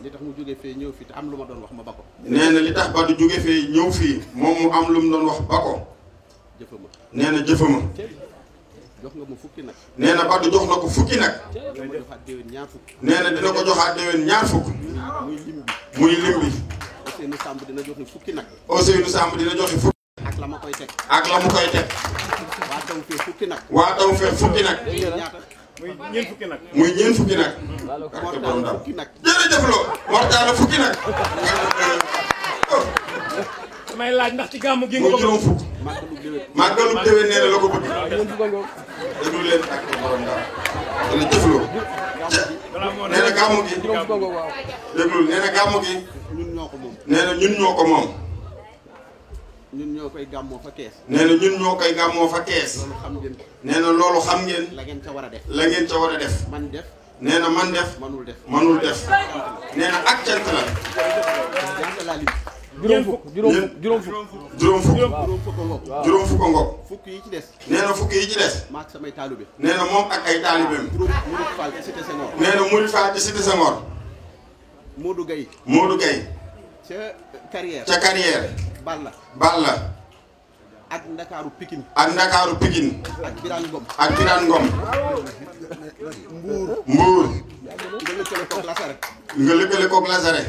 li tax mu jóge ñëw fii te am lu ma doon wax ma ba ko. nee na li tax ba du jóge ñëw fii moom am lu mu doon wax ba ko. jëfama nee na jëfama. jox nga ma fukki nag. nee na Badou jox na ko na dina ko joxaat déwén ñaar fukk. muy lim bi muy lim bi. Samb dina joxe fukki nag. Ousseynou Samb dina joxe fukki. ak la ma koy teg. ak la koy teg. waa taw fee fukki nag. waa taw fee fukki nag. muy ñeent fukki nag. muy ñeent fukki nag. barke borom Ndar jërëjëf fukki nag. may laaj ndax ci gàmmu gi nga ko juróom fukk. màggalu déwén nee na gàmmu gi. déglu ñun ñoo ko moom. ñun ñoo koy mo fa kees. nee na ñun ñoo koy gàmmoo fa kees. loolu xam ngeen. nee na xam ngeen. la ngeen ca war def. la ngeen ca war def. man def. nee man def. manul def manul def. nee na ak cant la. ñaata laa lim. juróom fukk juróom fukk juróom fukk. juróom fukk juróom fukk ngoog. juróom fukk ngoog. fukk yi ci des. nee na fukk yi ci des. maak samay taalibe. nee na moom ak ay taalibeem. Mouride Fall ci Cité Senghor. nee na Fall ci Cité Senghor. Modou Gueye. Modou Gueye. ca carrière ca carrière. Balla. la ak Ndakaaru Pikine. ak Ndakaaru Pikine. ak Birane Ngom. ak Birane Ngom. Mbour. Mbour. nga lëkkale koog Lasare. nga lëkkale koog Lasare.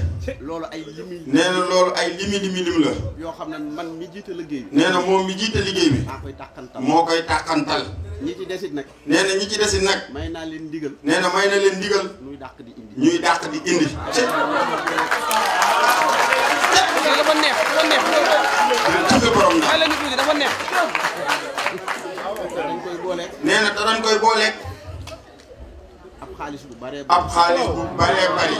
loolu ay limi. nee na loolu ay limi limi lim la. yoo xam ne man mi jiita liggéey bi. nee na moom mi jiite liggéey bi. maa koy tàqantal moo koy tàqantal. ñi ci desit nag. nee na ñi ci desit nag. may naa leen digal nee na may na leen ndigal. ñuy dàq di indi. ñuy dàq di indi. nee na te dañ koy booleeg. ab xaalis bu bëree bëri. ab xaalis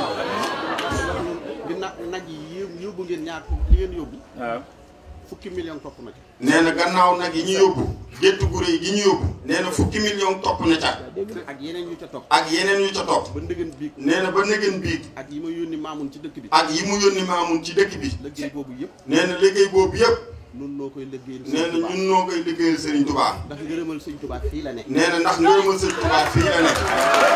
gannaaw nag yi yóbbu ngeen ñaar li ngeen yóbbu. waaw fukki million topp na ca. nee na gannaaw nag yi ñu yóbbu. gétt gu rëy gi ñu yóbbu. nee na fukki million topp na ca. ak yeneen yu ca topp. ak yeneen yu ca topp. ba ndëgën biig. nee na ba ndëgën biig. ak yi ma yónni maamun ci dëkk bi. ak yi mu yónni maamun ci dëkk bi. liggéey boobu yëpp. nee na liggéey boobu yëpp. nun noo koy liggéeyal nee na ñun noo koy liggéeyal Serigne Touba. ndax ngërëmal Serigne Touba fii la nekk. nee na ndax ngërëmal Serigne Touba fii la nekk.